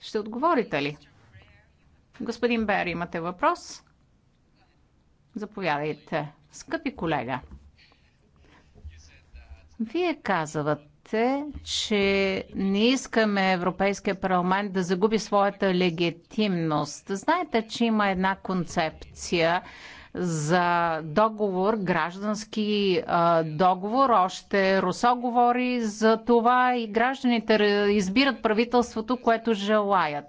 Ще отговорите ли? Господин Бер, имате въпрос? Заповядайте. Скъпи колега, вие казвате, че не искаме Европейския парламент да загуби своята легитимност. Знаете, че има една концепция за договор, граждански а, договор. Още Русо говори за това и гражданите избират правителството, което желаят.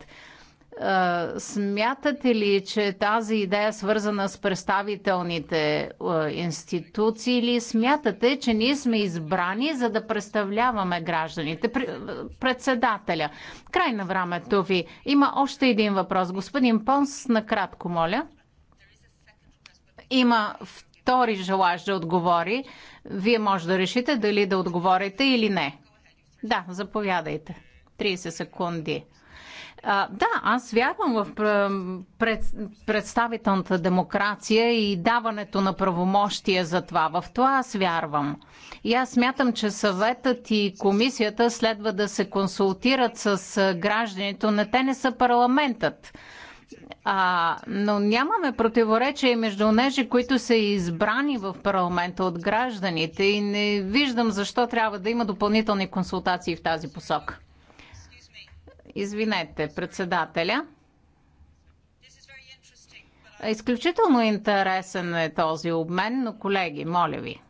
А, смятате ли, че тази идея е свързана с представителните а, институции или смятате, че ние сме избрани за да представляваме гражданите? Председателя, край на времето ви. Има още един въпрос. Господин Понс, накратко, моля има втори желаж да отговори. Вие може да решите дали да отговорите или не. Да, заповядайте. 30 секунди. А, да, аз вярвам в пред, представителната демокрация и даването на правомощия за това. В това аз вярвам. И аз смятам, че съветът и комисията следва да се консултират с гражданите, но те не са парламентът. А, но нямаме противоречие между нежи, които са избрани в парламента от гражданите и не виждам защо трябва да има допълнителни консултации в тази посока. Извинете, председателя. Изключително интересен е този обмен, но колеги, моля ви.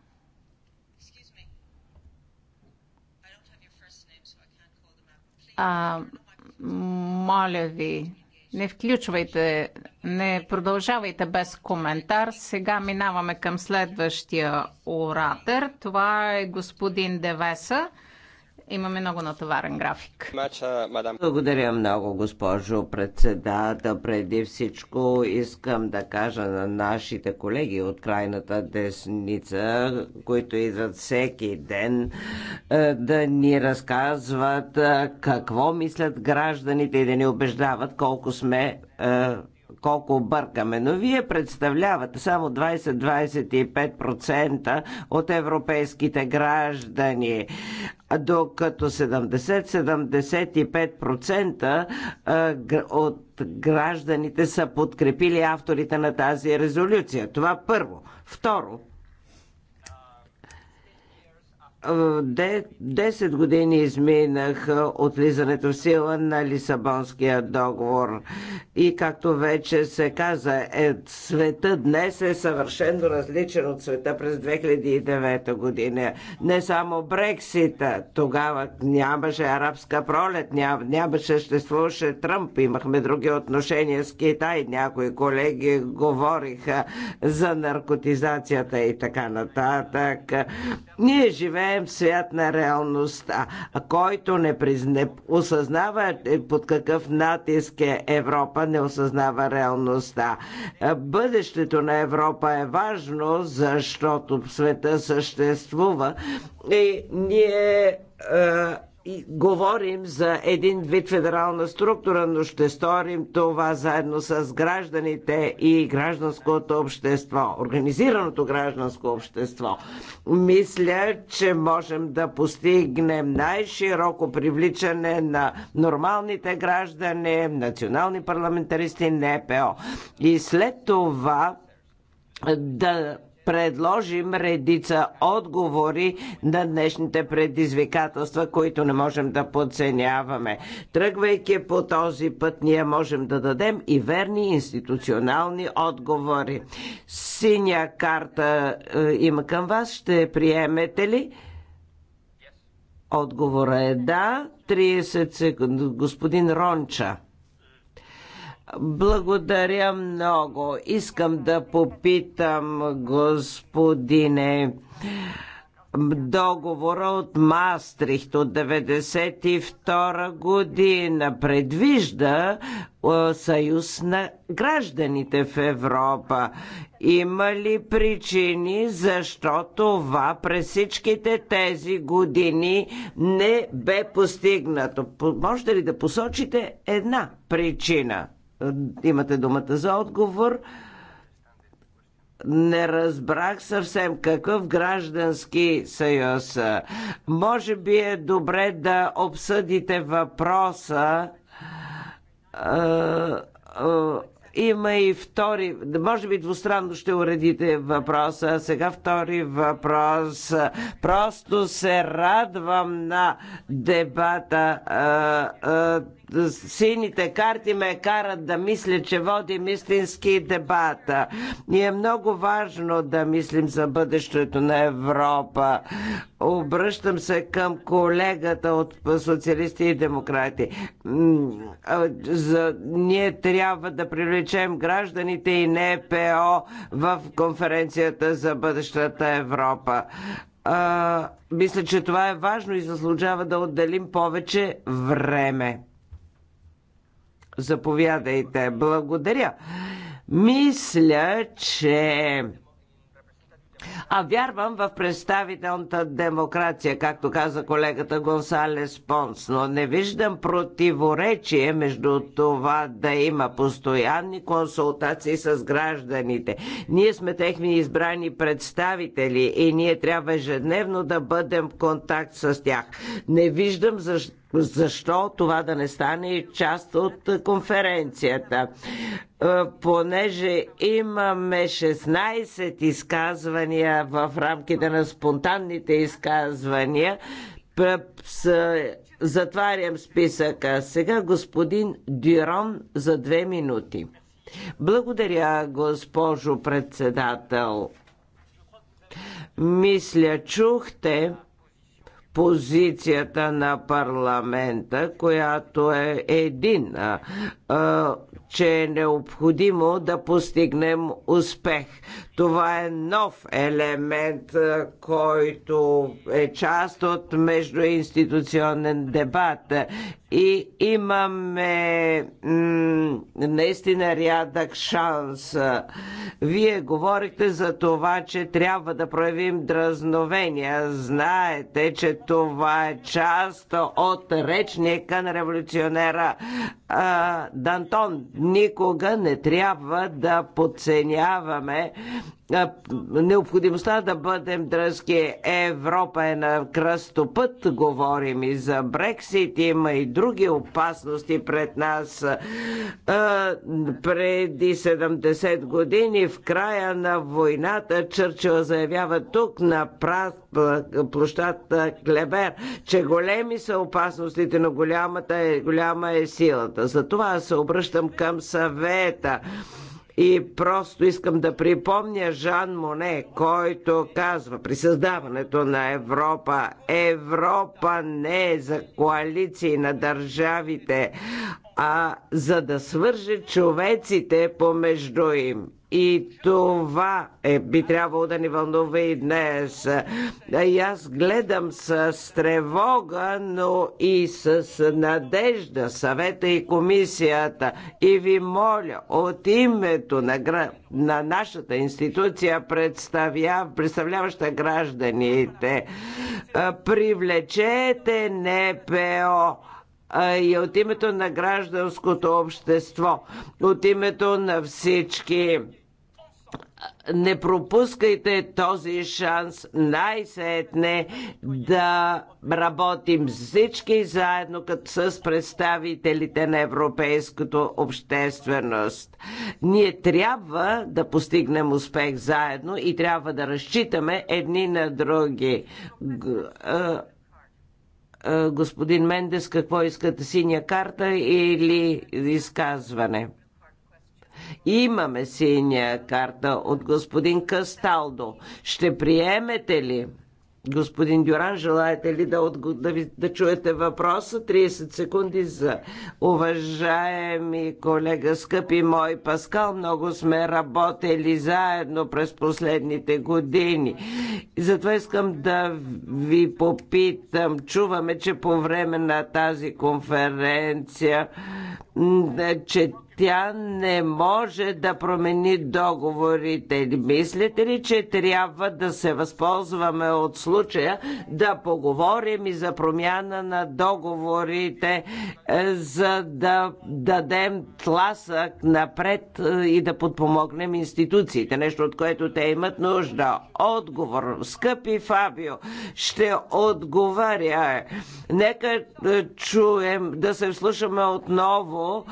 А, моля ви, не включвайте, не продължавайте без коментар. Сега минаваме към следващия оратор. Това е господин Девеса. Имаме много натоварен график. Благодаря много, госпожо председател. Преди всичко искам да кажа на нашите колеги от крайната десница, които идват всеки ден е, да ни разказват е, какво мислят гражданите и да ни убеждават колко сме е, колко бъркаме, но вие представлявате само 20-25% от европейските граждани, докато 70-75% от гражданите са подкрепили авторите на тази резолюция. Това първо. Второ, е, десет години изминах от влизането в сила на Лисабонския договор. И както вече се каза, е, света днес е съвършено различен от света през 2009 година. Не само Брексита, тогава нямаше арабска пролет, нямаше, ще слушаше Тръмп, имахме други отношения с Китай, някои колеги говориха за наркотизацията и така нататък. Ние живеем в свят на реалността, а който не, не осъзнава е, под какъв натиск е Европа, не осъзнава реалността. Бъдещето на Европа е важно, защото света съществува и ние говорим за един вид федерална структура, но ще сторим това заедно с гражданите и гражданското общество, организираното гражданско общество. Мисля, че можем да постигнем най-широко привличане на нормалните граждани, национални парламентаристи, НПО. И след това да предложим редица отговори на днешните предизвикателства, които не можем да подценяваме. Тръгвайки по този път, ние можем да дадем и верни институционални отговори. Синя карта е, има към вас, ще приемете ли? Отговора е да. 30 секунди. Господин Ронча. Благодаря много. Искам да попитам, господине, договора от Мастрихт от 1992 година предвижда съюз на гражданите в Европа. Има ли причини защо това през всичките тези години не бе постигнато? Можете ли да посочите една причина? Е, имате думата за отговор. Не разбрах съвсем какъв граждански съюз. Може би е добре да обсъдите въпроса е, е, има и втори, може би двустранно ще уредите въпроса, сега втори въпрос. Просто се радвам на дебата сините карти ме карат да мисля, че водим истински дебата. И е много важно да мислим за бъдещето на Европа. Обръщам се към колегата от социалисти и демократи. За... Ние трябва да привлечем гражданите и НПО в конференцията за бъдещата Европа. А, мисля, че това е важно и заслужава да отделим повече време. Заповядайте. Благодаря. Мисля, че а вярвам в представителната демокрация, както каза колегата Гонсалес Понс, но не виждам противоречие между това да има постоянни консултации с гражданите. Ние сме техни избрани представители и ние трябва ежедневно да бъдем в контакт с тях. Не виждам защо защо това да не стане част от конференцията? Е, понеже имаме 16 изказвания в рамките на спонтанните изказвания, затварям списъка. Сега господин Дюрон за две минути. Благодаря, госпожо председател. Мисля, чухте, позицията на парламента, която е един, че е необходимо да постигнем успех. Това е нов елемент, който е част от междуинституционен дебат. И имаме наистина рядък шанс. Вие говорите за това, че трябва да проявим дразновения. Знаете, че това е част от речника на революционера а, Дантон, никога не трябва да подценяваме а, необходимостта да бъдем дръзки. Европа е на кръстопът, говорим и за Брексит, има и други опасности пред нас. А, преди 70 години, в края на войната, Чърчил заявява тук на прав, площад Клебер, че големи са опасностите, но голямата е, голяма е силата хората. Затова се обръщам към съвета. И просто искам да припомня Жан Моне, който казва при създаването на Европа, Европа не е за коалиции на държавите, а за да свърже човеците помежду им. И това е, би трябвало да ни вълнува и днес. И аз гледам с тревога, но и с надежда съвета и комисията. И ви моля от името на, на нашата институция, представя, представляваща гражданите, привлечете НПО и от името на гражданското общество, от името на всички не пропускайте този шанс най-сетне да работим всички заедно с представителите на европейското общественост. Ние трябва да постигнем успех заедно и трябва да разчитаме едни на други. Господин Мендес, какво искате? Синя карта или изказване? Имаме синя карта от господин Касталдо. Ще приемете ли? Господин Дюран, желаете ли да, отг... да, ви... да чуете въпроса? 30 секунди за уважаеми колега, скъпи мой Паскал. Много сме работили заедно през последните години. И затова искам да ви попитам. Чуваме, че по време на тази конференция, че тя не може да промени договорите. Мислите ли, че трябва да се възползваме от случая да поговорим и за промяна на договорите, е, за да дадем тласък напред е, и да подпомогнем институциите, нещо от което те имат нужда? Отговор, скъпи Фабио, ще отговаря. Нека е, чуем, да се вслушаме отново,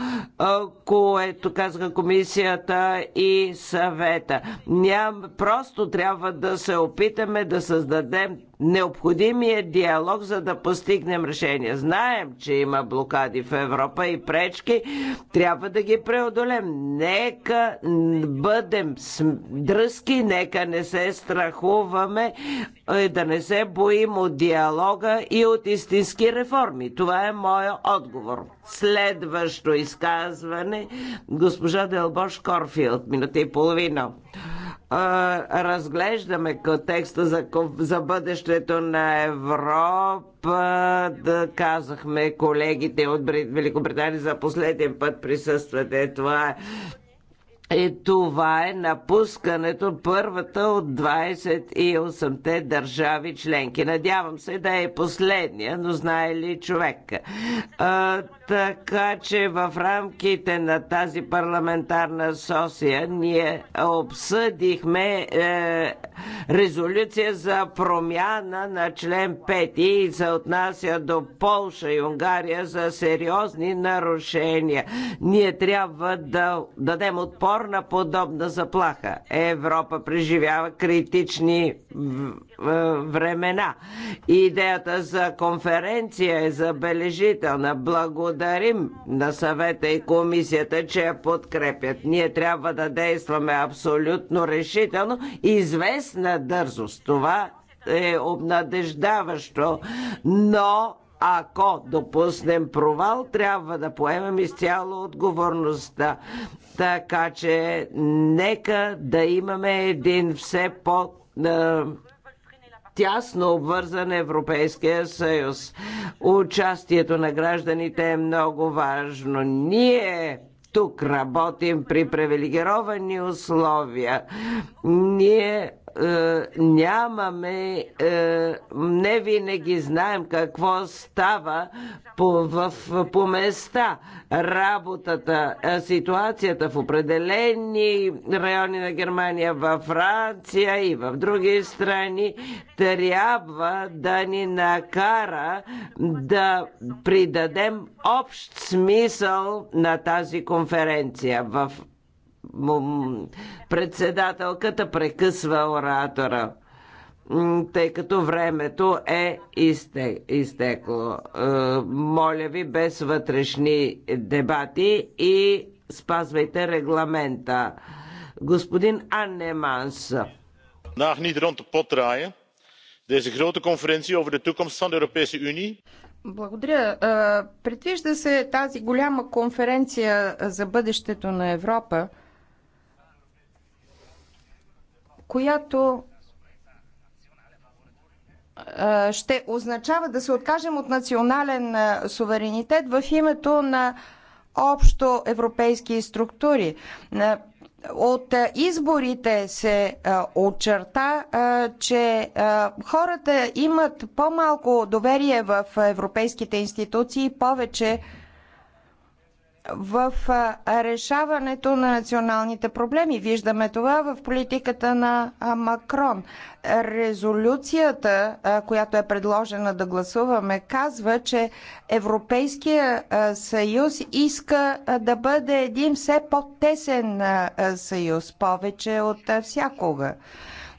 което казаха комисията и съвета. Ням, просто трябва да се опитаме да създадем необходимия е диалог, за да постигнем решение. Знаем, че има блокади в Европа и пречки. Трябва да ги преодолем. Нека бъдем дръзки, нека не се страхуваме, е, да не се боим от диалога и от истински реформи. Това е моя отговор. Следващо изказване госпожа Делбош Корфилд, минута и половина разглеждаме текста за, за бъдещето на Европа. Да казахме колегите от Великобритания за последен път присъствате. Това е и това е напускането първата от 28-те държави членки. Надявам се да е последния, но знае ли човек. А, така че в рамките на тази парламентарна сосия ние обсъдихме е, резолюция за промяна на член 5 и се отнася до Полша и Унгария за сериозни нарушения. Ние трябва да дадем отпор отпор на подобна заплаха. Европа преживява критични времена. Идеята за конференция е забележителна. Благодарим на съвета и комисията, че я подкрепят. Ние трябва да действаме абсолютно решително и известна дързост. Това е обнадеждаващо, но ако допуснем провал, трябва да поемем изцяло отговорността. Така че нека да имаме един все по е, тясно обвързан Европейския съюз. Участието на гражданите е много важно. Ние тук работим при привилегировани условия. Ние е, нямаме, е, не винаги знаем какво става по, в, по места. Работата, е, ситуацията в определени райони на Германия, във Франция и в други страни трябва да ни накара да придадем общ смисъл на тази конференция. В Председателката прекъсва оратора тъй като времето е изтекло. Е, моля ви без вътрешни дебати и спазвайте регламента. Господин Анне Манс. Vandaag niet rond de pot draaien. Deze grote conferentie over de toekomst van de Europese Unie. Благодаря. Е, предвижда се тази голяма конференция за бъдещето на Европа която ще означава да се откажем от национален суверенитет в името на общо европейски структури. От изборите се очерта, че хората имат по-малко доверие в европейските институции повече в решаването на националните проблеми. Виждаме това в политиката на Макрон. Резолюцията, която е предложена да гласуваме, казва, че Европейския съюз иска да бъде един все по-тесен съюз, повече от всякога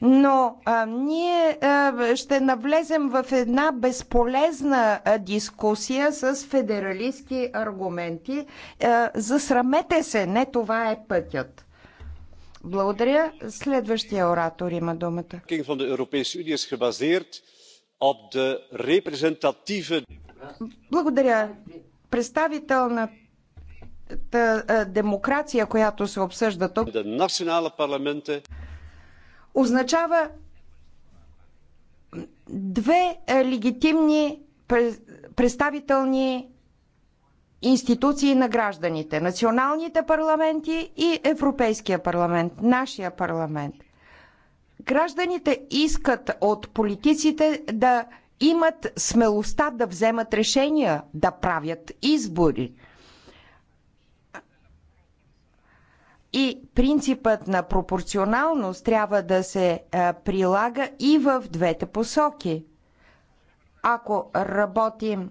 но а, ние а, ще навлезем в една безполезна а, дискусия с федералистски аргументи. А, засрамете се, не това е пътят. Благодаря. Следващия оратор има думата. Благодаря. Представителната демокрация, която се обсъжда тук означава две легитимни представителни институции на гражданите националните парламенти и Европейския парламент, нашия парламент. Гражданите искат от политиците да имат смелостта да вземат решения, да правят избори. и принципът на пропорционалност трябва да се прилага и в двете посоки. Ако работим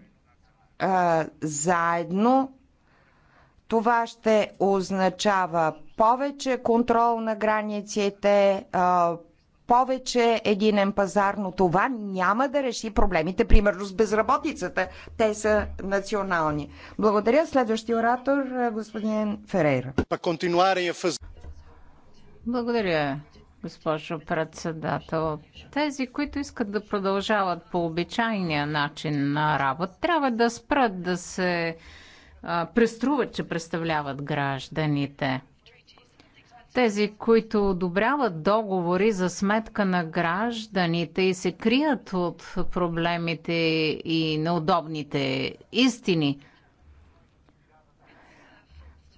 а, заедно, това ще означава повече контрол на границите, а, повече единен пазар, но това няма да реши проблемите, примерно с безработицата. Те са национални. Благодаря. Следващия оратор, е, господин Ферейра. Е Благодаря, госпожо председател. Тези, които искат да продължават по обичайния начин на работа, трябва да спрат да се преструват, че представляват гражданите тези, които одобряват договори за сметка на гражданите и се крият от проблемите и неудобните истини.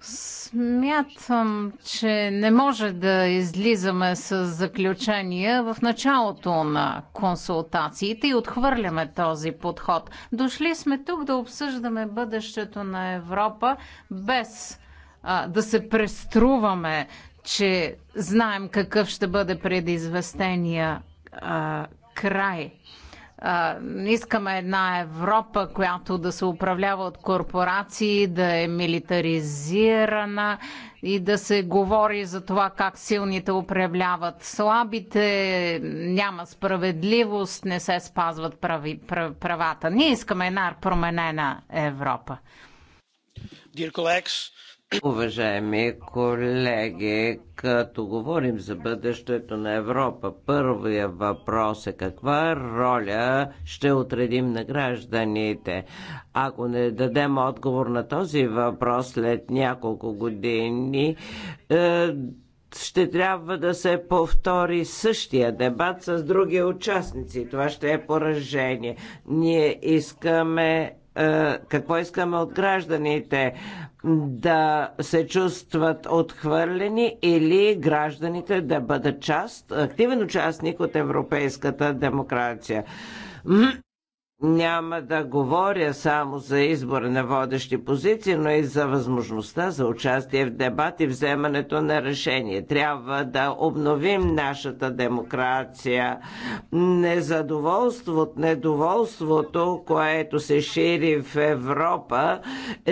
Смятам, че не може да излизаме с заключения в началото на консултациите и отхвърляме този подход. Дошли сме тук да обсъждаме бъдещето на Европа без а, да се преструваме, че знаем какъв ще бъде предизвестения а, край. А, искаме една Европа, която да се управлява от корпорации, да е милитаризирана и да се говори за това как силните управляват слабите, няма справедливост, не се спазват прави, правата. Ние искаме една променена Европа. Dear colleagues, Уважаеми колеги, като говорим за бъдещето на Европа, първия въпрос е каква роля ще отредим на гражданите. Ако не дадем отговор на този въпрос след няколко години, е, ще трябва да се повтори същия дебат с други участници. Това ще е поражение. Ние искаме е, какво искаме от гражданите? Да се чувстват отхвърлени или гражданите да бъдат част, активен участник от европейската демокрация? Няма да говоря само за избора на водещи позиции, но и за възможността за участие в дебат и вземането на решение. Трябва да обновим нашата демокрация. Незадоволството, недоволството, което се шири в Европа,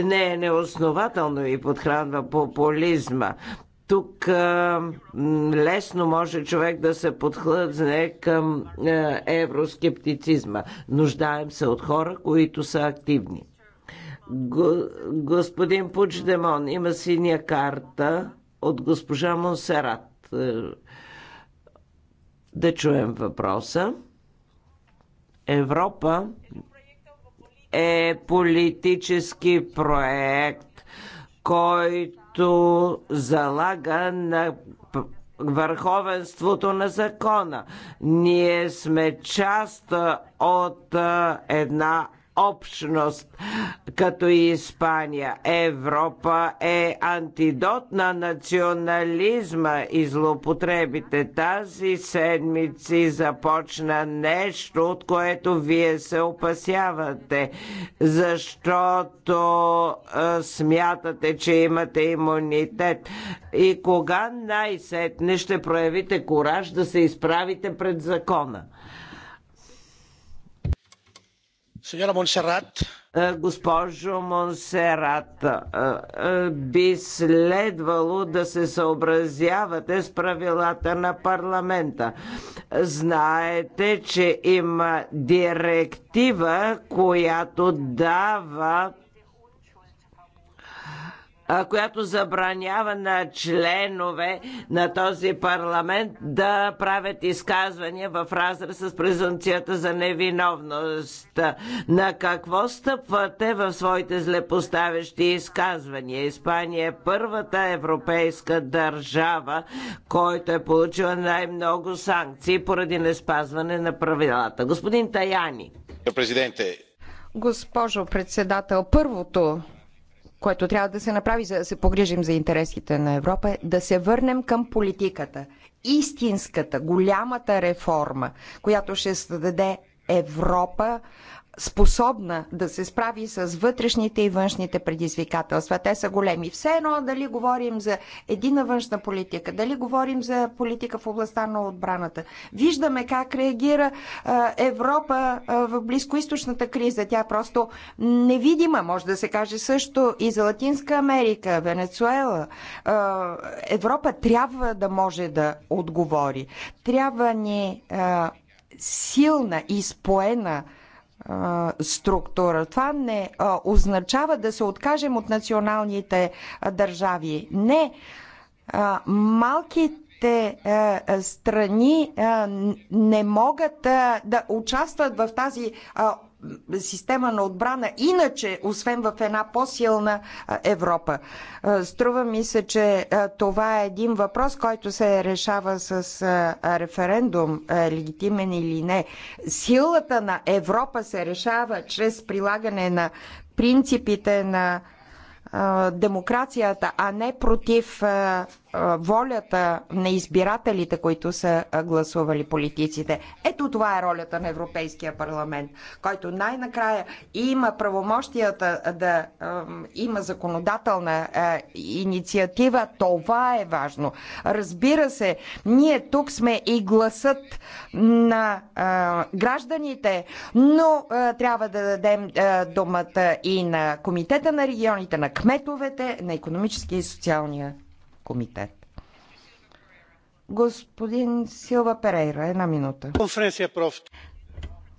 не е неоснователно и подхранва популизма тук а, лесно може човек да се подхлъзне към а, евроскептицизма. Нуждаем се от хора, които са активни. Го, господин Пучдемон има синя карта от госпожа Монсерат. Е, да чуем въпроса. Европа е политически проект, който който залага на върховенството на закона. Ние сме част от една общност, като и Испания. Европа е антидот на национализма и злоупотребите. Тази седмици започна нещо, от което вие се опасявате, защото смятате, че имате имунитет. И кога най-сетне ще проявите кораж да се изправите пред закона? Монсерат. Госпожо Монсерат, е, е, би следвало да се съобразявате с правилата на парламента. Знаете, че има директива, която дава която забранява на членове на този парламент да правят изказвания в разрез с презумцията за невиновност. На какво стъпвате в своите злепоставящи изказвания? Испания е първата европейска държава, който е получила най-много санкции поради не спазване на правилата. Господин Таяни. Госпожо председател, първото което трябва да се направи, за да се погрижим за интересите на Европа, е да се върнем към политиката. Истинската, голямата реформа, която ще създаде Европа способна да се справи с вътрешните и външните предизвикателства. Те са големи. Все едно дали говорим за едина външна политика, дали говорим за политика в областта на отбраната. Виждаме как реагира Европа в близкоисточната криза. Тя просто невидима, може да се каже също и за Латинска Америка, Венецуела. Европа трябва да може да отговори. Трябва ни силна и споена структура. Това не означава да се откажем от националните държави. Не. Малките другите страни не могат да участват в тази система на отбрана, иначе, освен в една по-силна Европа. Струва ми се, че това е един въпрос, който се решава с референдум, легитимен или не. Силата на Европа се решава чрез прилагане на принципите на демокрацията, а не против волята на избирателите, които са гласували политиците. Ето това е ролята на Европейския парламент, който най-накрая има правомощията да има законодателна инициатива. Това е важно. Разбира се, ние тук сме и гласът на гражданите, но трябва да дадем думата и на Комитета на регионите, на кметовете, кметовете на економическия и социалния комитет. Господин Силва Перейра, една минута. Конференция проф.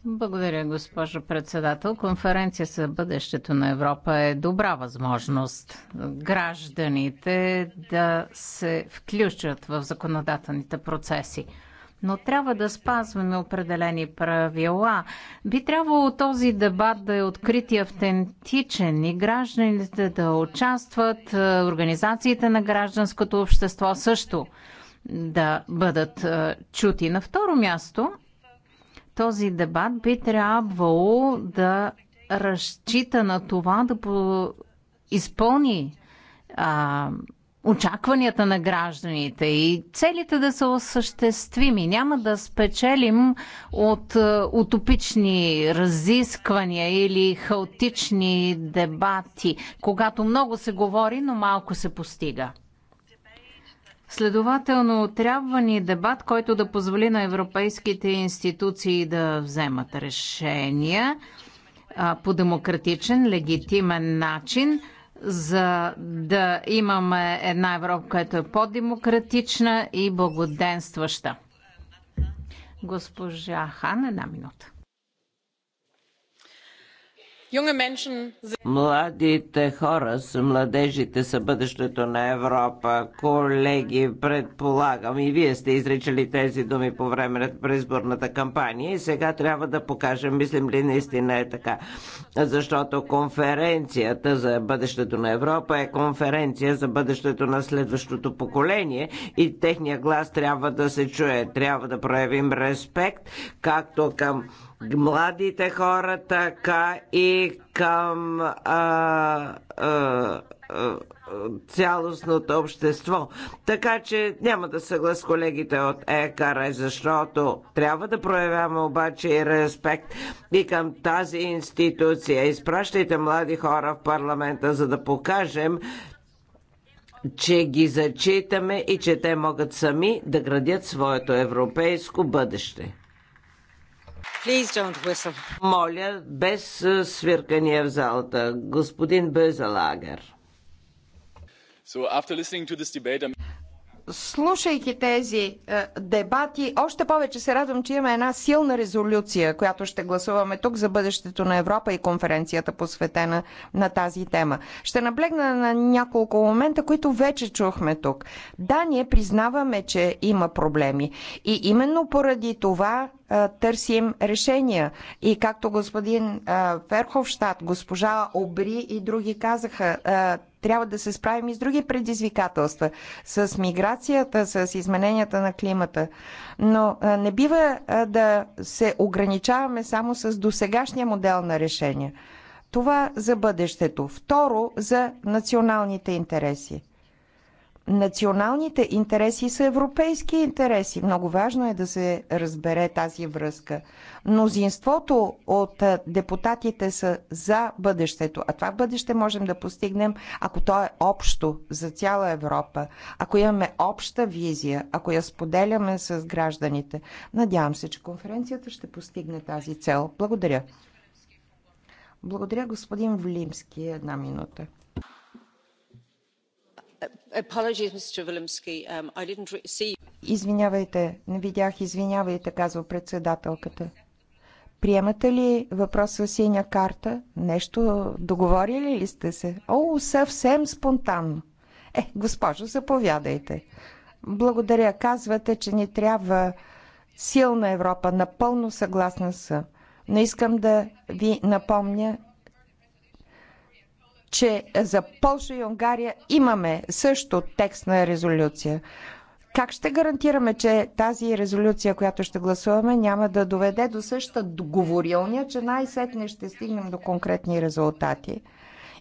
Благодаря, госпожо председател. Конференция за бъдещето на Европа е добра възможност гражданите да се включат в законодателните процеси но трябва да спазваме определени правила. Би трябвало този дебат да е открит и автентичен и гражданите да участват, е, организациите на гражданското общество също да бъдат е, чути. На второ място, този дебат би трябвало да разчита на това да изпълни а, очакванията на гражданите и целите да са осъществими. Няма да спечелим от е, утопични разисквания или хаотични дебати, когато много се говори, но малко се постига. Следователно, трябва ни дебат, който да позволи на европейските институции да вземат решения по демократичен, легитимен начин – за да имаме една Европа, която е по-демократична и благоденстваща. Госпожа Хан, една минута. Младите хора са младежите са бъдещето на Европа. Колеги, предполагам и вие сте изричали тези думи по време на предизборната кампания и сега трябва да покажем, мислим ли наистина е така. Защото конференцията за бъдещето на Европа е конференция за бъдещето на следващото поколение и техния глас трябва да се чуе. Трябва да проявим респект както към младите хора, така и към а, а, а, цялостното общество. Така че няма да съглас колегите от ЕКАР, защото трябва да проявяваме обаче и респект и към тази институция. Изпращайте млади хора в парламента, за да покажем, че ги зачитаме и че те могат сами да градят своето европейско бъдеще. Моля, без свиркания в залата. Господин Безалагер слушайки тези е, дебати, още повече се радвам, че имаме една силна резолюция, която ще гласуваме тук за бъдещето на Европа и конференцията посветена на тази тема. Ще наблегна на няколко момента, които вече чухме тук. Да, ние признаваме, че има проблеми. И именно поради това е, търсим решения. И както господин е, Ферховщад, госпожа Обри и други казаха, е, трябва да се справим и с други предизвикателства, с миграцията, с измененията на климата. Но не бива да се ограничаваме само с досегашния модел на решения. Това за бъдещето. Второ, за националните интереси националните интереси са европейски интереси. Много важно е да се разбере тази връзка. Мнозинството от депутатите са за бъдещето, а това бъдеще можем да постигнем, ако то е общо за цяла Европа, ако имаме обща визия, ако я споделяме с гражданите. Надявам се, че конференцията ще постигне тази цел. Благодаря. Благодаря, господин Влимски. Една минута. Um, извинявайте, не видях, извинявайте, казва председателката. Приемате ли въпрос с синя карта? Нещо договорили ли сте се? О, съвсем спонтанно. Е, госпожо, заповядайте. Благодаря. Казвате, че ни трябва силна Европа. Напълно съгласна съм. Но искам да ви напомня, че за Полша и Унгария имаме също текст на резолюция. Как ще гарантираме, че тази резолюция, която ще гласуваме, няма да доведе до същата договорилния, че най-сетне ще стигнем до конкретни резултати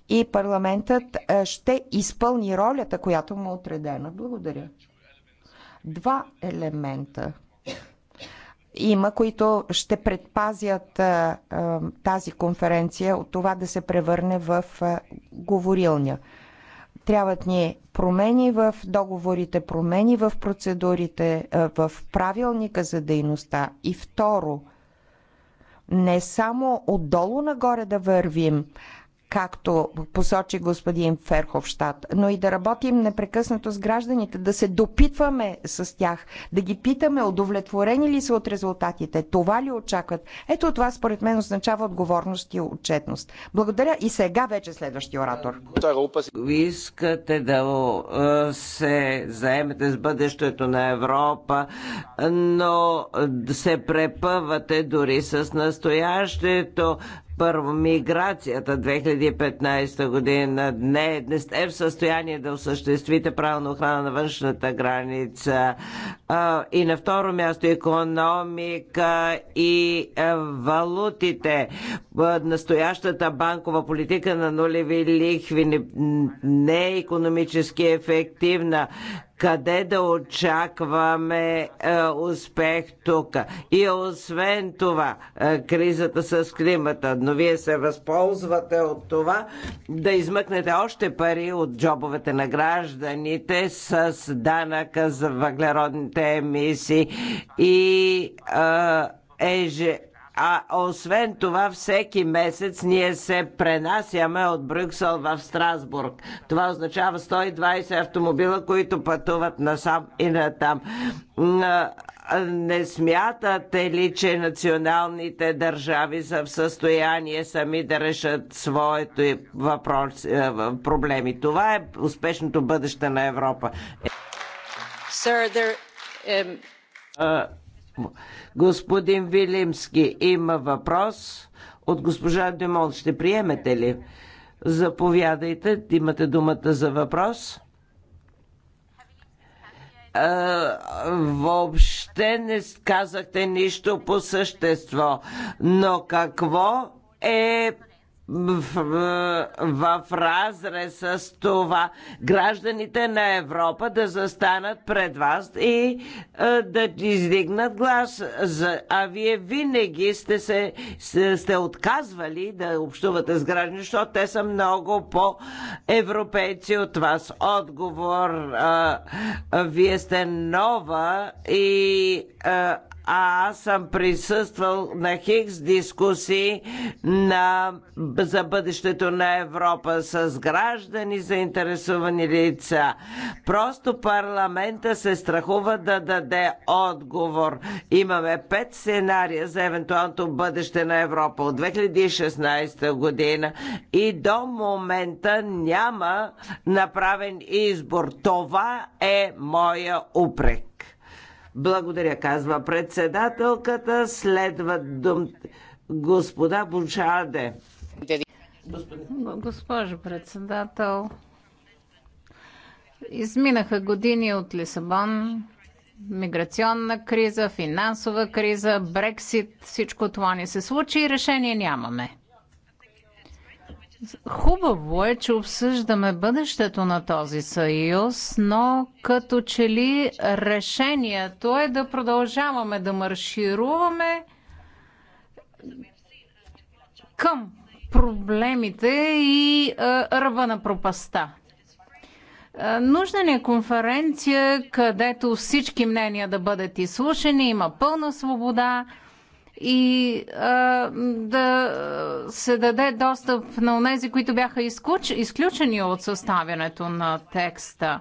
и парламентът ще изпълни ролята, която му е отредена? Благодаря. Два елемента – има, които ще предпазят а, а, тази конференция от това да се превърне в а, говорилня. Трябват ни промени в договорите, промени в процедурите, а, в правилника за дейността. И второ, не само отдолу нагоре да вървим, както посочи господин Ферховщад, но и да работим непрекъснато с гражданите, да се допитваме с тях, да ги питаме удовлетворени ли са от резултатите, това ли очакват. Ето това според мен означава отговорност и отчетност. Благодаря и сега вече следващия оратор. Искате да е, се заемете с бъдещето на Европа, но се препъвате дори с настоящето. Първо, миграцията 2015 година не, не сте в състояние да осъществите правилно охрана на външната граница. А, и на второ място економика и а, валутите. А, настоящата банкова политика на нулеви лихви не, не е економически ефективна къде да очакваме е, успех тук. И освен това, е, кризата с климата, но вие се възползвате от това да измъкнете още пари от джобовете на гражданите с данъка за въглеродните емисии и е, еже а освен това, всеки месец ние се пренасяме от Брюксел в Страсбург. Това означава 120 автомобила, които пътуват насам и натам не смятате ли, че националните държави са в състояние сами да решат своите въпрос, е, проблеми? Това е успешното бъдеще на Европа. Sir, there, um... Господин Вилимски има въпрос от госпожа Демол. Ще приемете ли? Заповядайте, имате думата за въпрос въобще не казахте нищо по същество. Но какво е в, в, в разрез с това гражданите на Европа да застанат пред вас и е, да издигнат глас. За, а вие винаги сте се сте отказвали да общувате с граждани, защото те са много по-европейци от вас. Отговор, е, е вие сте нова и е, а аз съм присъствал на Хикс дискусии на, за бъдещето на Европа с граждани, заинтересовани лица. Просто парламента се страхува да даде отговор. Имаме пет сценария за евентуалното бъдеще на Европа от 2016 година и до момента няма направен избор. Това е моя упрек. Благодаря, казва председателката. Следва дум... господа Бучаде. Госпожо председател, изминаха години от Лисабон, миграционна криза, финансова криза, Брексит, всичко това ни се случи и решение нямаме. Хубаво е, че обсъждаме бъдещето на този съюз, но като че ли решението е да продължаваме да маршируваме към проблемите и ръба на пропаста. Нужна ни е конференция, където всички мнения да бъдат изслушани, има пълна свобода и а, да се даде достъп на тези, които бяха изключ, изключени от съставянето на текста.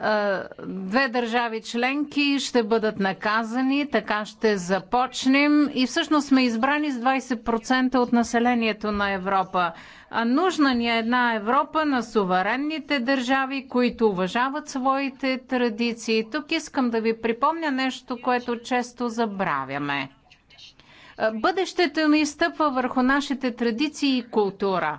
А, две държави членки ще бъдат наказани, така ще започнем и всъщност сме избрани с 20% от населението на Европа. А нужна ни е една Европа на суверенните държави, които уважават своите традиции. Тук искам да ви припомня нещо, което често забравяме – е, бъдещето ни стъпва върху нашите традиции и култура.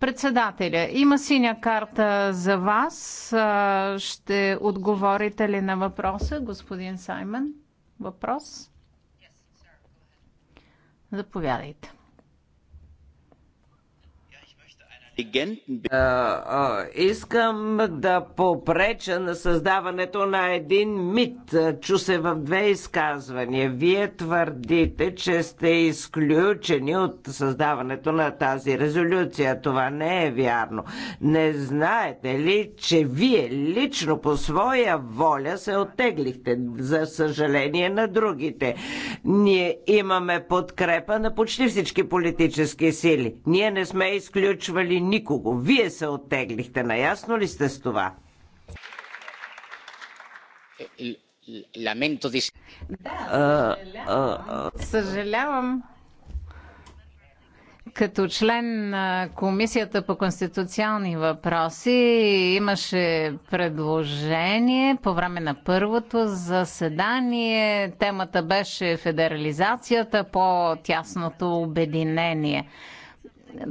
Председателя, има синя карта за вас. Е, ще отговорите ли на въпроса, господин Саймън? Въпрос? Заповядайте. Искам да попреча на създаването на един мит. Чу се в две изказвания. Вие твърдите, че сте изключени от създаването на тази резолюция. Това не е вярно. Не знаете ли, че вие лично по своя воля се оттеглихте, за съжаление на другите. Ние имаме подкрепа на почти всички политически сили. Ние не сме изключвали никого. Вие се оттеглихте. Наясно ли сте с това? Ламенто дис... съжалявам. Като член на Комисията по конституционни въпроси имаше предложение по време на първото заседание. Темата беше федерализацията по тясното обединение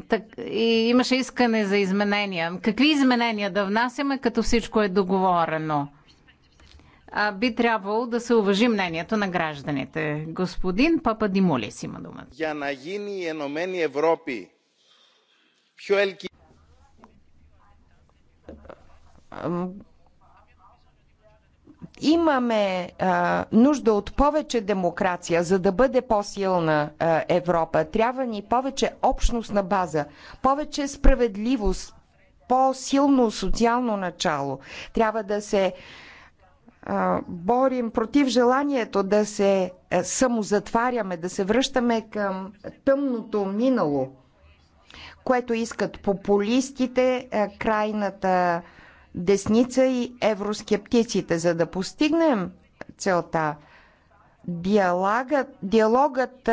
так, и имаше искане за изменения. Какви изменения да внасяме, като всичко е договорено? А, би трябвало да се уважи мнението на гражданите. Господин Папа Димулис има думата. на гини еномени Европи. Пьо елки имаме а, нужда от повече демокрация, за да бъде по-силна Европа. Трябва ни повече общност на база, повече справедливост, по-силно социално начало. Трябва да се а, борим против желанието да се а, самозатваряме, да се връщаме към тъмното минало, което искат популистите, а, крайната. А, десница и евроскептиците. За да постигнем целта, диалогът, диалогът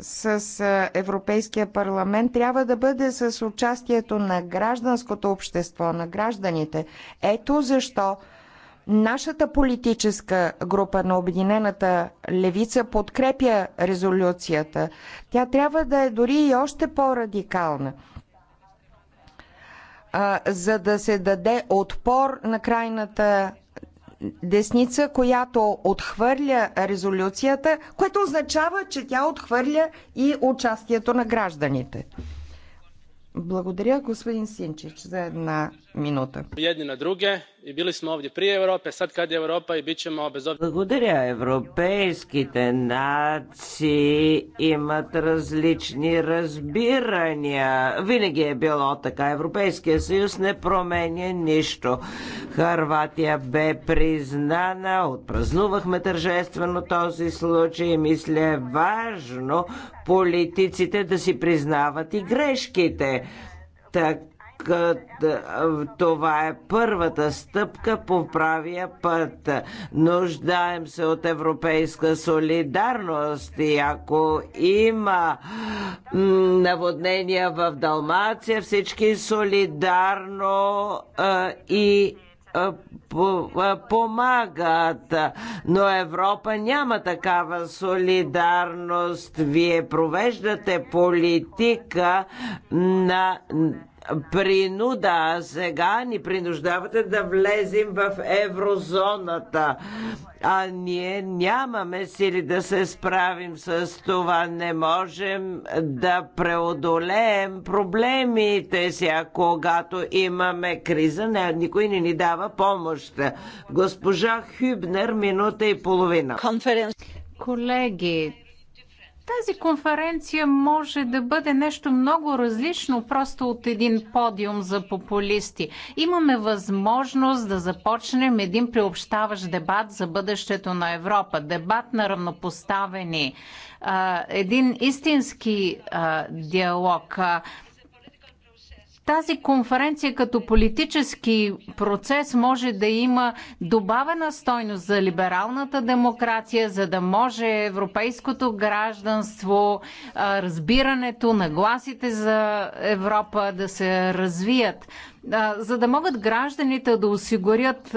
с Европейския парламент трябва да бъде с участието на гражданското общество, на гражданите. Ето защо нашата политическа група на Обединената левица подкрепя резолюцията. Тя трябва да е дори и още по-радикална – за да се даде отпор на крайната десница, която отхвърля резолюцията, което означава, че тя отхвърля и участието на гражданите. Благодаря, господин Синчич, за една минута. Едни на друге, и били smo при Европа, Europe, sad Европа и Europa i bit ćemo Благодаря. Европейските нации имат различни разбирания. Винаги е било така. Европейския съюз не променя нищо. Харватия бе признана, отпразнувахме тържествено този случай и мисля е важно политиците да си признават и грешките. Така това е първата стъпка по правия път. Нуждаем се от европейска солидарност и ако има наводнения в Далмация, всички солидарно и помагат. Но Европа няма такава солидарност. Вие провеждате политика на принуда. Сега ни принуждавате да влезем в еврозоната. А ние нямаме сили да се справим с това. Не можем да преодолеем проблемите си, а когато имаме криза, не, никой не ни дава помощ. Госпожа Хюбнер, минута и половина. Конференц. Колеги, тази конференция може да бъде нещо много различно, просто от един подиум за популисти. Имаме възможност да започнем един приобщаващ дебат за бъдещето на Европа, дебат на равнопоставени, един истински диалог тази конференция като политически процес може да има добавена стойност за либералната демокрация, за да може европейското гражданство, разбирането, нагласите за Европа да се развият. За да могат гражданите да осигурят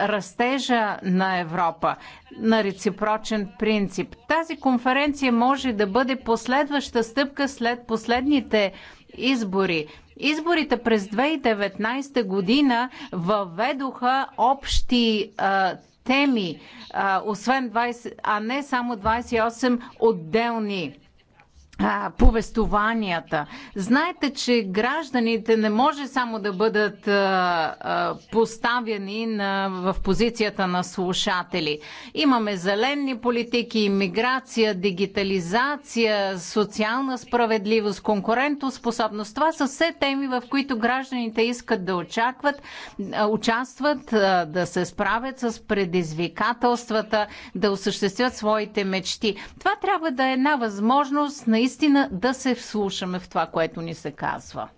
растежа на Европа на реципрочен принцип. Тази конференция може да бъде последваща стъпка след последните избори. Изборите през 2019 година въведоха общи а, теми, а, освен 20, а не само 28 отделни а, Знаете, че гражданите не може само да бъдат а, а, на, в позицията на слушатели. Имаме зелени политики, иммиграция, дигитализация, социална справедливост, конкурентоспособност. Това са все теми, в които гражданите искат да очакват, участват, да се справят с предизвикателствата, да осъществят своите мечти. Това трябва да е една възможност на наистина да се вслушаме в това, което ни се казва.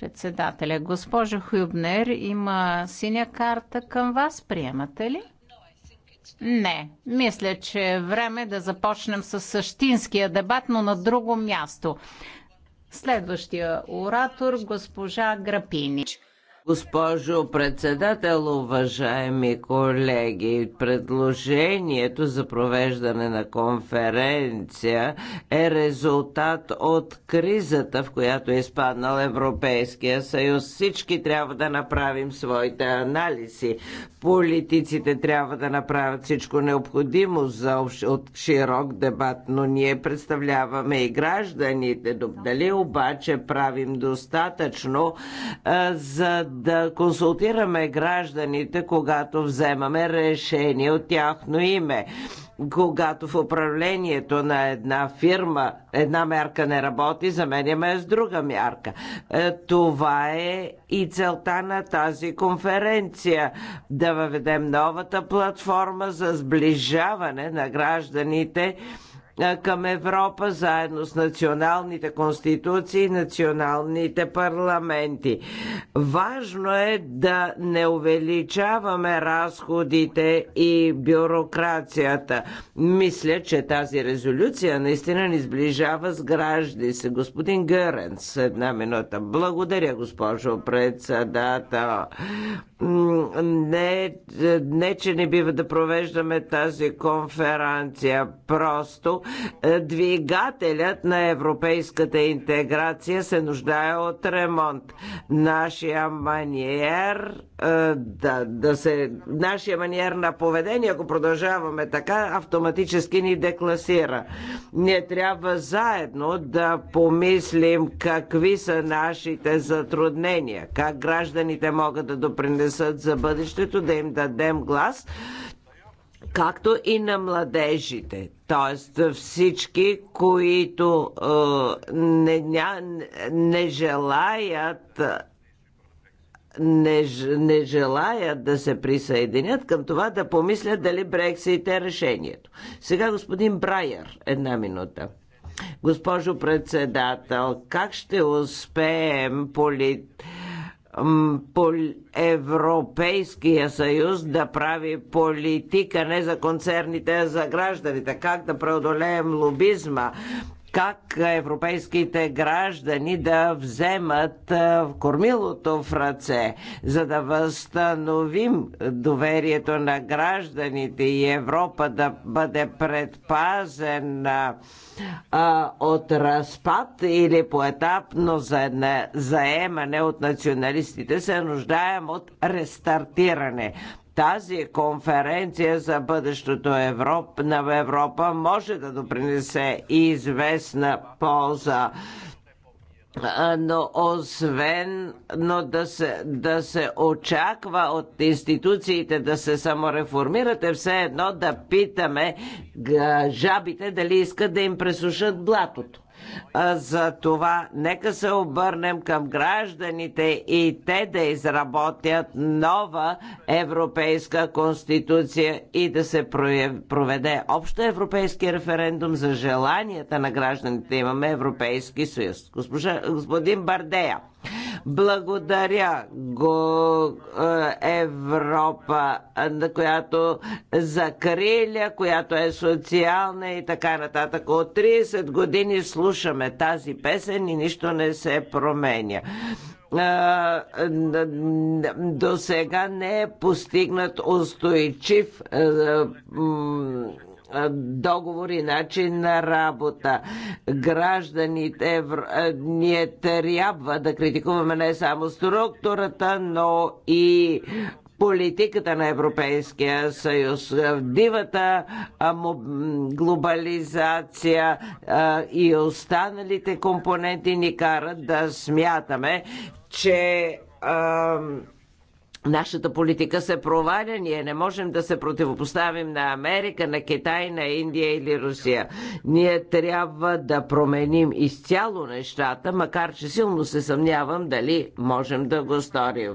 Председателя, госпожа Хюбнер, има синя карта към вас. Приемате ли? Не, мисля, че е време да започнем с същинския дебат, но на друго място. Следващия оратор, госпожа Грапинич. Госпожо председател, уважаеми колеги, предложението за провеждане на конференция е резултат от кризата, в която е изпаднал Европейския съюз. Всички трябва да направим своите анализи. Политиците трябва да направят всичко необходимо за от широк дебат, но ние представляваме и гражданите. Дали обаче правим достатъчно а, за да консултираме гражданите, когато вземаме решение от тяхно име когато в управлението на една фирма една мярка не работи, заменяме с друга мярка. Е, това е и целта на тази конференция да въведем новата платформа за сближаване на гражданите към Европа заедно с националните конституции и националните парламенти. Важно е да не увеличаваме разходите и бюрокрацията. Мисля, че тази резолюция наистина ни сближава с граждани се. Господин Гъренс, една минута. Благодаря, госпожо председател. Не, не, че не бива да провеждаме тази конференция. Просто е, двигателят на европейската интеграция се нуждае от ремонт. Нашия маниер е, да, да се, нашия маниер на поведение, ако продължаваме така, автоматически ни декласира. Ние трябва заедно да помислим какви са нашите затруднения, как гражданите могат да допринесат за бъдещето, да им дадем глас, както и на младежите. Т.е. всички, които е, не, не желаят не, не желаят да се присъединят към това да помислят дали Брексит е решението. Сега господин Брайер, една минута. Госпожо председател, как ще успеем полит Европейския съюз да прави политика не за концерните, а за гражданите. Как да преодолеем лобизма, как европейските граждани да вземат кормилото в ръце, за да възстановим доверието на гражданите и Европа да бъде предпазена от разпад или поетапно заемане от националистите, се нуждаем от рестартиране. Тази конференция за бъдещето Европ, на Европа може да допринесе известна полза но освен но да, се, да се очаква от институциите да се самореформират е все едно да питаме жабите дали искат да им пресушат блатото. За това нека се обърнем към гражданите и те да изработят нова европейска конституция и да се проведе общо европейски референдум за желанията на гражданите. Имаме Европейски съюз. Госпожа, господин Бардея. Благодаря го е, Европа, която закриля, която е социална и така нататък. От 30 години слушаме тази песен и нищо не се променя е, до сега не е постигнат устойчив е, договор и начин на работа. Гражданите, евро... ние трябва да критикуваме не само структурата, но и политиката на Европейския съюз, дивата глобализация и останалите компоненти ни карат да смятаме, че Нашата политика се проваля, ние не можем да се противопоставим на Америка, на Китай, на Индия или Русия. Ние трябва да променим изцяло нещата, макар че силно се съмнявам дали можем да го сторим.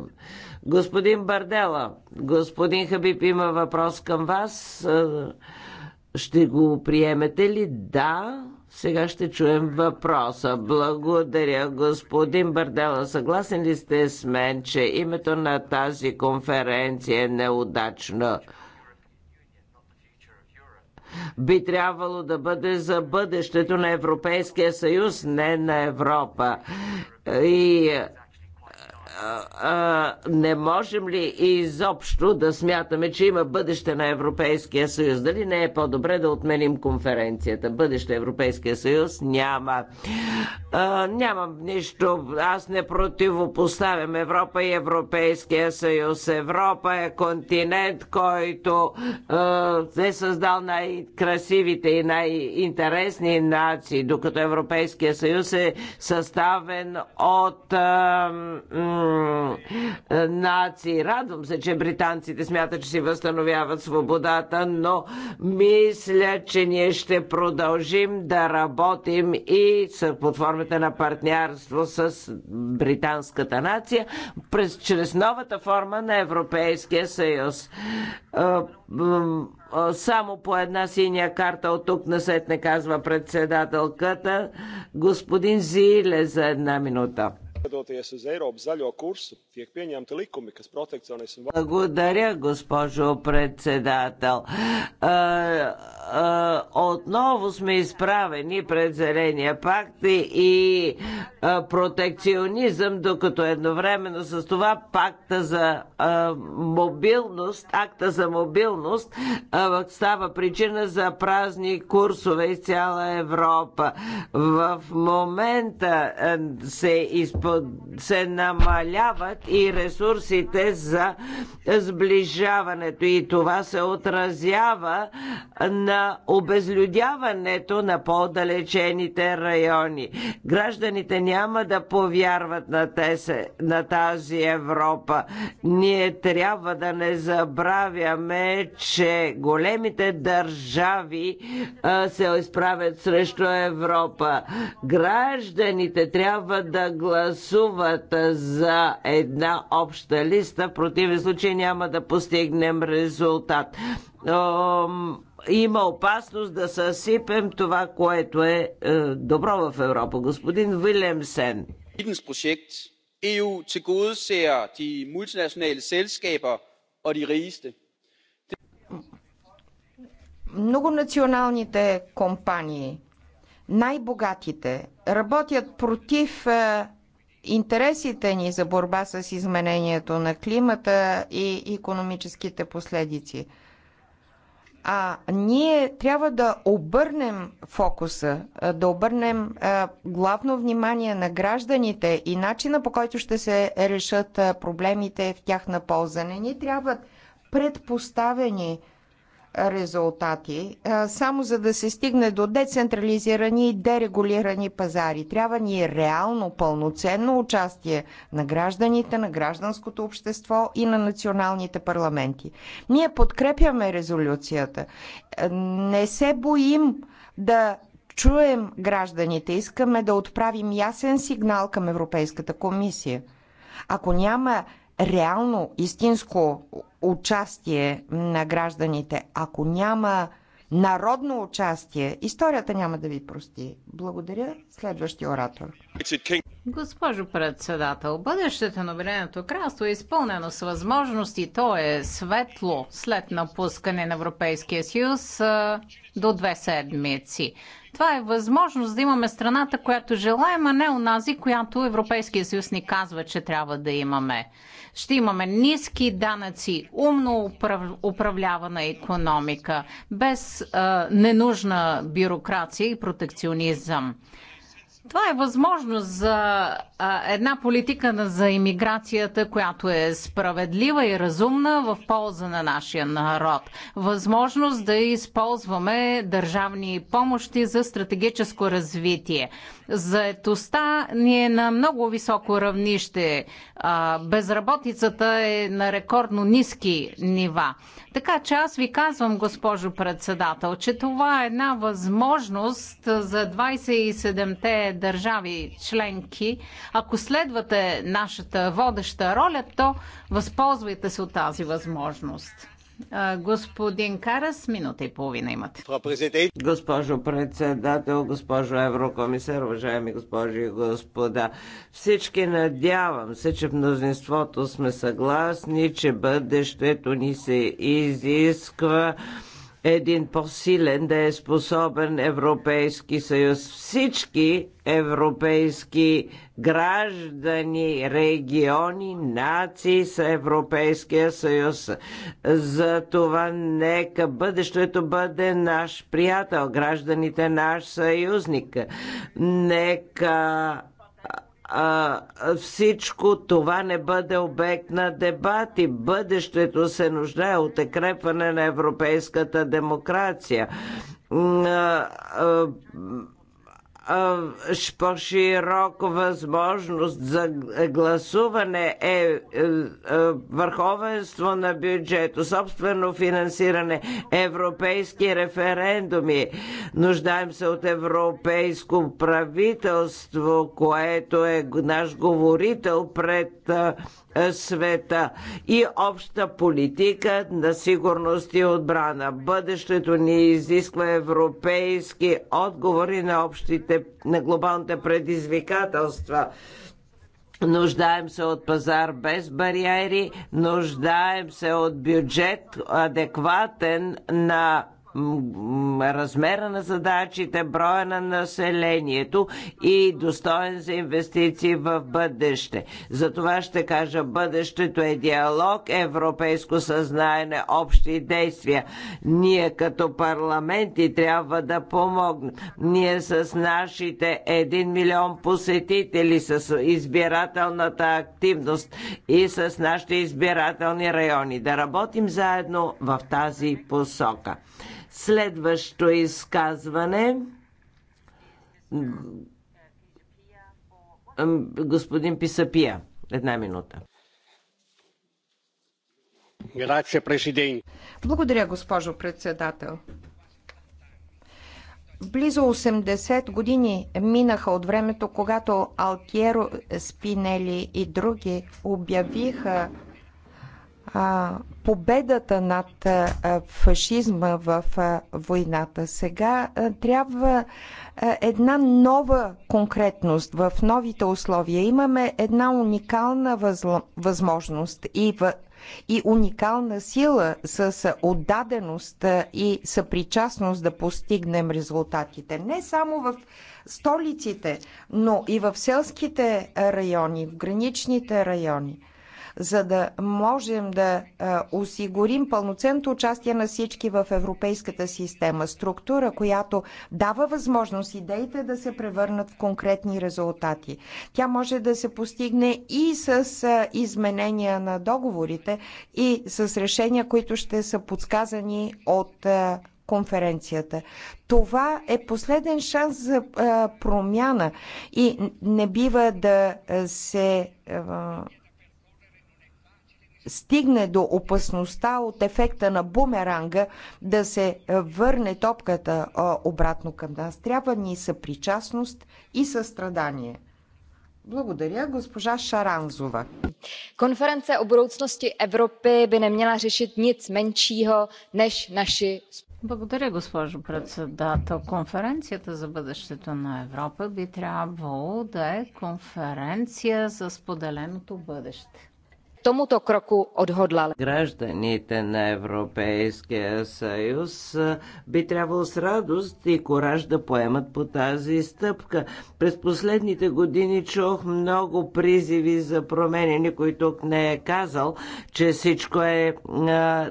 Господин Бардела, господин Хабиб има въпрос към вас. Ще го приемете ли? Да. Сега ще чуем въпроса. Благодаря, господин Бардела. Съгласен ли сте с мен, че името на тази конференция е неудачно? би трябвало да бъде за бъдещето на Европейския съюз, не на Европа. И а, не можем ли изобщо да смятаме, че има бъдеще на Европейския съюз? Дали не е по-добре да отменим конференцията? Бъдеще Европейския съюз няма. А, нямам нищо. Аз не противопоставям Европа и Европейския съюз. Европа е континент, който а, е създал най-красивите и най-интересни нации, докато Европейския съюз е съставен от а, е, нации. Радвам се, че британците смятат, че си възстановяват свободата, но мисля, че ние ще продължим да работим и с под формата на партньорство с британската нация, през, чрез новата форма на Европейския съюз е, е, само по една синя карта от тук на сетне, казва председателката. Господин Зиле за една минута. Благодаря, госпожо председател. Е, е, отново сме изправени пред Зеления пакт и е, протекционизъм, докато едновременно с това пакта за мобилност, акта за мобилност става причина за празни курсове из цяла Европа. В момента се изпълнява се намаляват и ресурсите за сближаването. И това се отразява на обезлюдяването на по-далечените райони. Гражданите няма да повярват на, тесе, на тази Европа. Ние трябва да не забравяме, че големите държави се изправят срещу Европа. Гражданите трябва да гласуват гласуват за една обща листа, в противен случай няма да постигнем резултат. Има опасност да съсипем това, което е, е добро в Европа. Господин Вилемсен. EU e tilgodeser de multinationale selskaber og de rigeste. Многонационалните компании, най-богатите, работят против е, интересите ни за борба с изменението на климата и економическите последици. А ние трябва да обърнем фокуса, да обърнем главно внимание на гражданите и начина по който ще се решат проблемите в тяхна полза. Не ни трябват предпоставени резултати, само за да се стигне до децентрализирани и дерегулирани пазари. Трябва ни е реално, пълноценно участие на гражданите, на гражданското общество и на националните парламенти. Ние подкрепяме резолюцията. Не се боим да чуем гражданите. Искаме да отправим ясен сигнал към Европейската комисия. Ако няма реално, истинско участие на гражданите, ако няма народно участие, историята няма да ви прости. Благодаря. Следващия оратор. Госпожо председател, бъдещето на Обединеното кралство е изпълнено с възможности. То е светло след напускане на Европейския съюз до две седмици. Това е възможност да имаме страната, която желаем, а не онази, която Европейския съюз ни казва, че трябва да имаме. Ще имаме ниски данъци, умно управлявана економика, без ненужна бюрокрация и протекционизъм. Това е възможност за а, една политика на, за иммиграцията, която е справедлива и разумна в полза на нашия народ. Възможност да използваме държавни помощи за стратегическо развитие. Заетостта ни е на много високо равнище. А, безработицата е на рекордно ниски нива. Така че аз ви казвам, госпожо председател, че това е една възможност за 27-те държави членки, ако следвате нашата водеща роля, то възползвайте се от тази възможност. Господин Карас, минута и половина имате. Госпожо председател, госпожо еврокомисар, уважаеми госпожи и господа, всички надявам се, че в мнозинството сме съгласни, че бъдещето ни се изисква един по-силен да е способен Европейски съюз. Всички европейски граждани, региони, нации са Европейския съюз. За това нека бъдещето бъде наш приятел, гражданите наш съюзник. Нека а, всичко това не бъде обект на дебати. Бъдещето се нуждае от екрепване на европейската демокрация по-широка възможност за гласуване е, е, е върховенство на бюджето, собствено финансиране, европейски референдуми. Нуждаем се от европейско правителство, което е наш говорител пред света и обща политика на сигурност и отбрана. Бъдещето ни изисква европейски отговори на общите, на глобалните предизвикателства. Нуждаем се от пазар без бариери, нуждаем се от бюджет адекватен на размера на задачите, броя на населението и достоен за инвестиции в бъдеще. За това ще кажа, бъдещето е диалог, европейско съзнаене, общи действия. Ние като парламенти трябва да помогнем. Ние с нашите 1 милион посетители, с избирателната активност и с нашите избирателни райони. Да работим заедно в тази посока. Следващо изказване. Господин Писапия. Една минута. Благодаря, госпожо председател. Близо 80 години минаха от времето, когато Алтиеро Спинели и други обявиха победата над фашизма в войната. Сега трябва една нова конкретност в новите условия. Имаме една уникална възможност и, в... и уникална сила с отдаденост и съпричастност да постигнем резултатите. Не само в столиците, но и в селските райони, в граничните райони – за да можем да осигурим пълноценното участие на всички в европейската система. Структура, която дава възможност идеите да се превърнат в конкретни резултати. Тя може да се постигне и с изменения на договорите и с решения, които ще са подсказани от конференцията. Това е последен шанс за промяна и не бива да се стигне до опасността от ефекта на бумеранга да се върне топката обратно към нас. Трябва ни съпричастност и състрадание. Благодаря, госпожа Шаранзова. Конференция о budoucnosti Европы би не měla řešit nic menšího než наши благодаря, госпожо председател. Конференцията за бъдещето на Европа би трябвало да е конференция за споделеното бъдеще tomuto kroku odhodlal. Гражданите на Европейския съюз би трябвало с радост и кораж да поемат по тази стъпка. През последните години чух много призиви за промени. Никой тук не е казал, че всичко е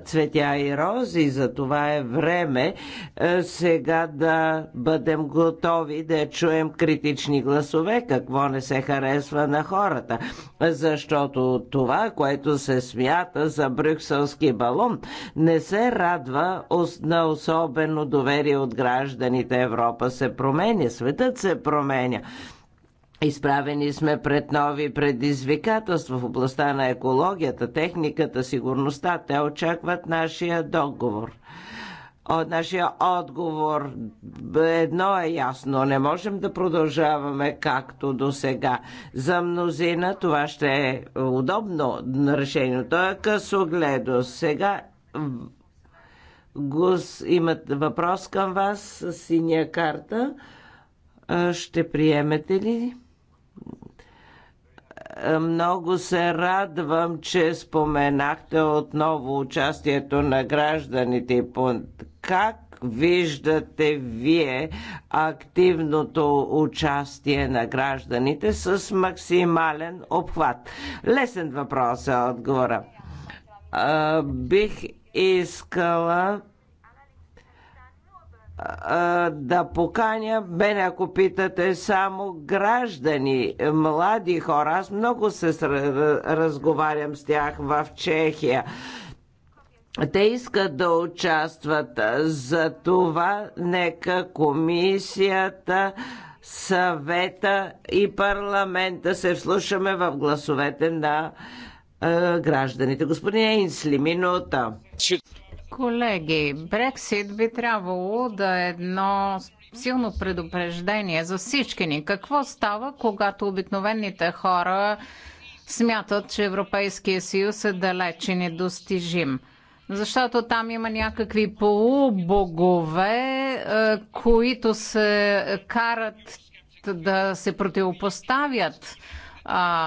цветя и рози. За това е време сега да бъдем готови да чуем критични гласове, какво не се харесва на хората. Защото това, което се смята за брюкселски балон, не се радва на особено доверие от гражданите. Европа се променя, светът се променя. Изправени сме пред нови предизвикателства в областта на екологията, техниката, сигурността. Те очакват нашия договор нашия отговор едно е ясно. Не можем да продължаваме както до сега. За мнозина това ще е удобно на решението. е късогледо. Сега гос, имат въпрос към вас с синя карта. Ще приемете ли? много се радвам, че споменахте отново участието на гражданите как виждате вие активното участие на гражданите с максимален обхват? Лесен въпрос е отговора. бих искала да поканя, мен ако питате само граждани, млади хора, аз много се разговарям с тях в Чехия те искат да участват. За това нека комисията, съвета и парламента се вслушаме в гласовете на е, гражданите. Господин Инсли, минута. Колеги, Брексит би трябвало да е едно силно предупреждение за всички ни. Какво става, когато обикновените хора смятат, че Европейския съюз е далеч и недостижим? защото там има някакви полубогове, е, които се карат да се противопоставят е,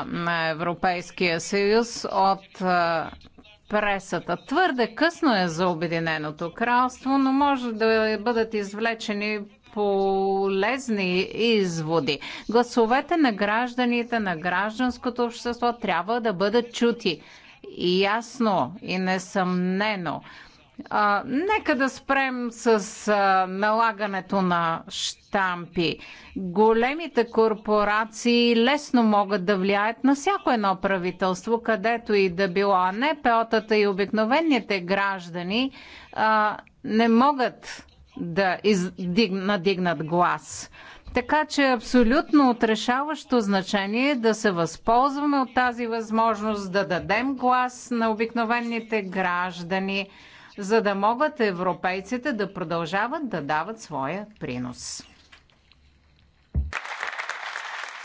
на Европейския съюз от е, пресата. Твърде късно е за Обединеното кралство, но може да бъдат извлечени полезни изводи. Гласовете на гражданите, на гражданското общество трябва да бъдат чути ясно и несъмнено. А, нека да спрем с а, налагането на штампи. Големите корпорации лесно могат да влияят на всяко едно правителство, където и да било, а не пеотата и обикновените граждани а, не могат да издиг, надигнат глас. Така че е абсолютно отрешаващо значение е да се възползваме от тази възможност да дадем глас на обикновените граждани, за да могат европейците да продължават да дават своя принос.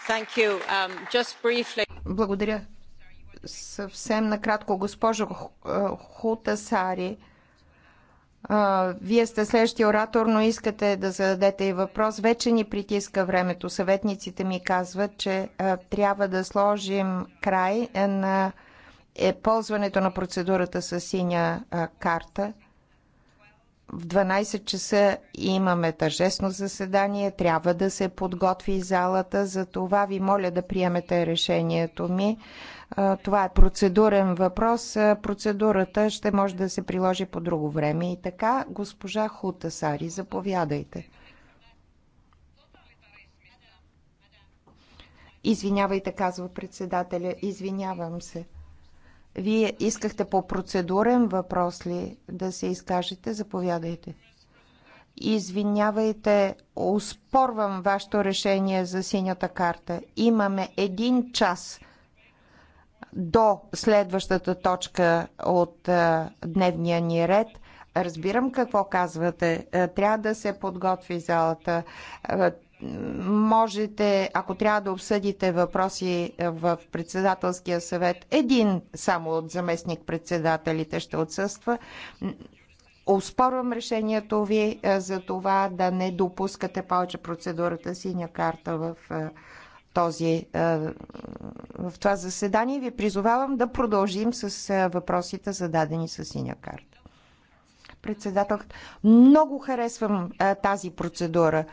Um, Благодаря. Съвсем накратко, госпожо Хутасари а, вие сте следващия оратор, но искате да зададете и въпрос. Вече ни притиска времето. Съветниците ми казват, че а, трябва да сложим край на е, ползването на процедурата с синя а, карта. В 12 часа имаме тържествено заседание. Трябва да се подготви залата. За това ви моля да приемете решението ми. Това е процедурен въпрос. Процедурата ще може да се приложи по друго време. И така, госпожа Хутасари, заповядайте. Извинявайте, казва председателя. Извинявам се. Вие искахте по процедурен въпрос ли да се изкажете? Заповядайте. Извинявайте, успорвам вашето решение за синята карта. Имаме един час до следващата точка от дневния ни ред. Разбирам какво казвате. Трябва да се подготви залата. Можете, ако трябва да обсъдите въпроси в председателския съвет, един само от заместник-председателите ще отсъства. Оспорвам решението ви за това да не допускате повече процедурата синя карта в този, в това заседание ви призовавам да продължим с въпросите зададени с синя карта. Председател, много харесвам тази процедура.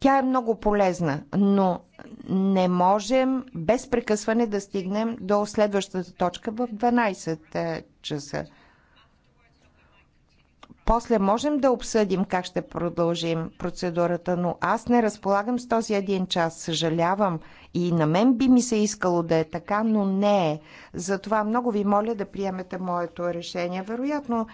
Тя е много полезна, но не можем без прекъсване да стигнем до следващата точка в 12 часа. После можем да обсъдим как ще продължим процедурата, но аз не разполагам с този един час. Съжалявам и на мен би ми се искало да е така, но не е. Затова много ви моля да приемете моето решение. Вероятно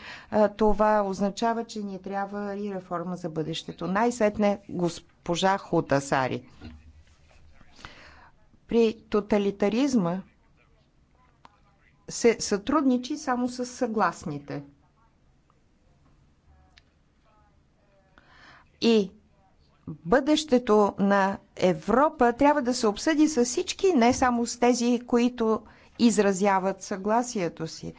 това означава, че ни трябва и реформа за бъдещето. Най-сетне госпожа Хутасари. При тоталитаризма се сътрудничи само с съгласните – и бъдещето на Европа трябва да се обсъди с всички, не само с тези, които изразяват съгласието си.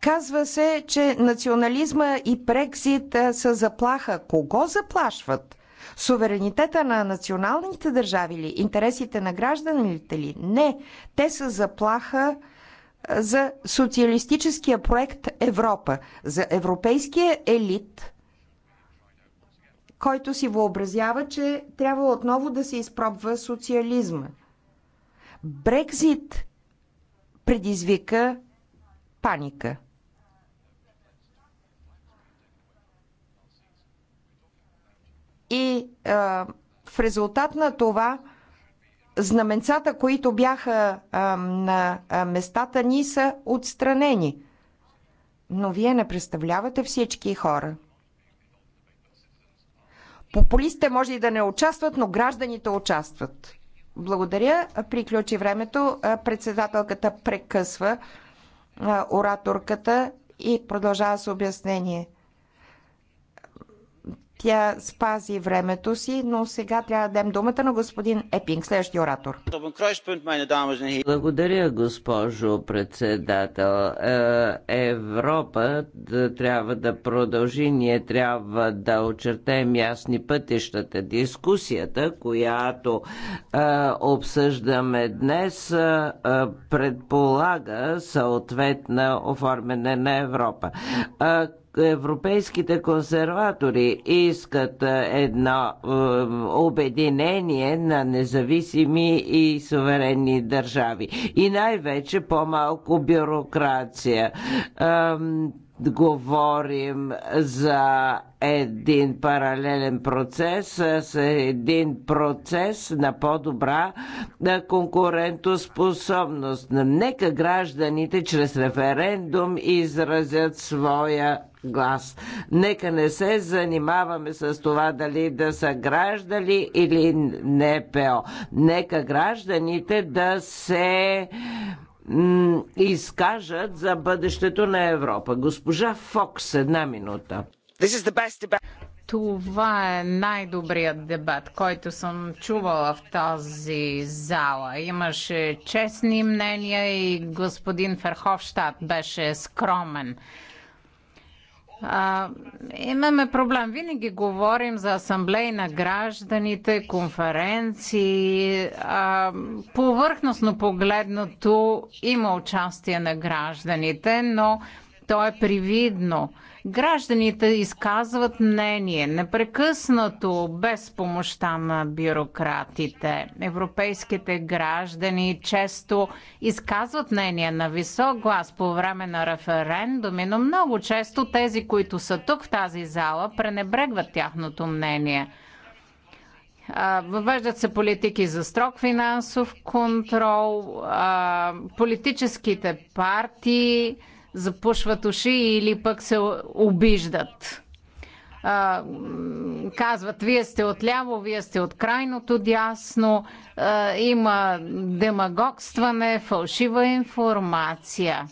Казва се, че национализма и Брексит са заплаха. Кого заплашват? Суверенитета на националните държави ли? Интересите на гражданите ли? Не. Те са заплаха за социалистическия проект Европа, за европейския елит, който си въобразява, че трябва отново да се изпробва социализма. Брекзит предизвика паника. И а, в резултат на това знаменцата, които бяха а, на а, местата ни, са отстранени. Но вие не представлявате всички хора. Популистите може и да не участват, но гражданите участват. Благодаря. Приключи времето. Председателката прекъсва ораторката и продължава с обяснение. Тя спази времето си, но сега трябва да дадем думата на господин Епинг, следващия оратор. Благодаря, госпожо председател. Е, Европа е, трябва да продължи, ние трябва да очертаем ясни пътищата. Дискусията, която е, обсъждаме днес, предполага съответна оформяне на Европа европейските консерватори искат едно обединение на независими и суверенни държави. И най-вече по-малко бюрокрация говорим за един паралелен процес с един процес на по-добра конкурентоспособност. Нека гражданите чрез референдум изразят своя глас. Нека не се занимаваме с това дали да са граждани или НПО. Нека гражданите да се изкажат за бъдещето на Европа. Госпожа Фокс, една минута. Това е най-добрият дебат, който съм чувала в тази зала. Имаше честни мнения и господин Ферховщад беше скромен. А, имаме проблем. Винаги говорим за асамблеи на гражданите, конференции. А, повърхностно погледнато има участие на гражданите, но то е привидно. Гражданите изказват мнение непрекъснато без помощта на бюрократите. Европейските граждани често изказват мнение на висок глас по време на референдуми, но много често тези, които са тук в тази зала, пренебрегват тяхното мнение. Въвеждат се политики за строг финансов контрол, политическите партии запушват уши или пък се обиждат. А, казват, вие сте отляво, вие сте от крайното дясно, а, има демагогстване, фалшива информация.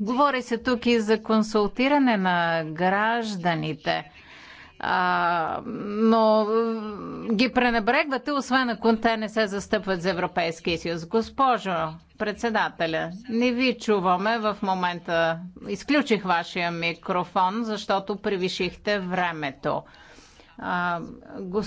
Говори се тук и за консултиране на гражданите а, но ги пренебрегвате, освен ако те не се застъпват за Европейския съюз. Госпожо председателя, не ви чуваме в момента. Изключих вашия микрофон, защото превишихте времето. А, госп...